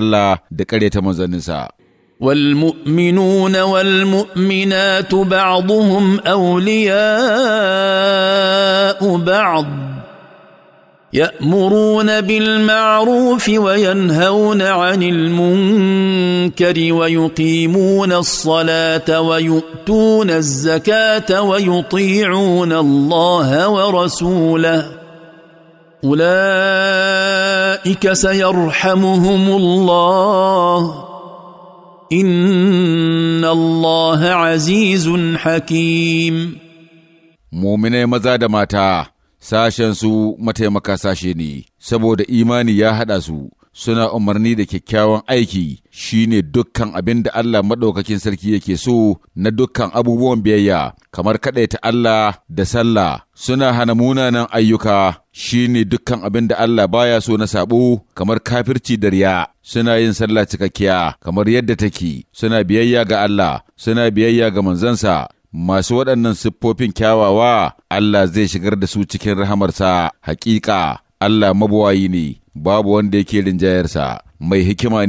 Allah da ƙaryata manzanninsa. والمؤمنون والمؤمنات بعضهم اولياء بعض يامرون بالمعروف وينهون عن المنكر ويقيمون الصلاه ويؤتون الزكاه ويطيعون الله ورسوله اولئك اولئك سيرحمهم الله ان الله عزيز حكيم مؤمني maza da mata Sashen su mataimaka sashe ne saboda imani ya haɗa su suna umarni da kyakkyawan aiki shine dukkan abin da Allah maɗaukakin sarki yake so na dukkan abubuwan biyayya kamar ta Allah da sallah suna hana munanan ayyuka shi ne dukkan abin da Allah baya so na sabo kamar kafirci da riya suna yin sallah cikakkiya kamar yadda take suna biyayya ga Allah suna biyayya ga manzansa masu waɗannan siffofin kyawawa Allah zai shigar da su cikin rahamarsa hakika Allah mabuwayi ne babu wanda yake rinjayarsa mai hikima ne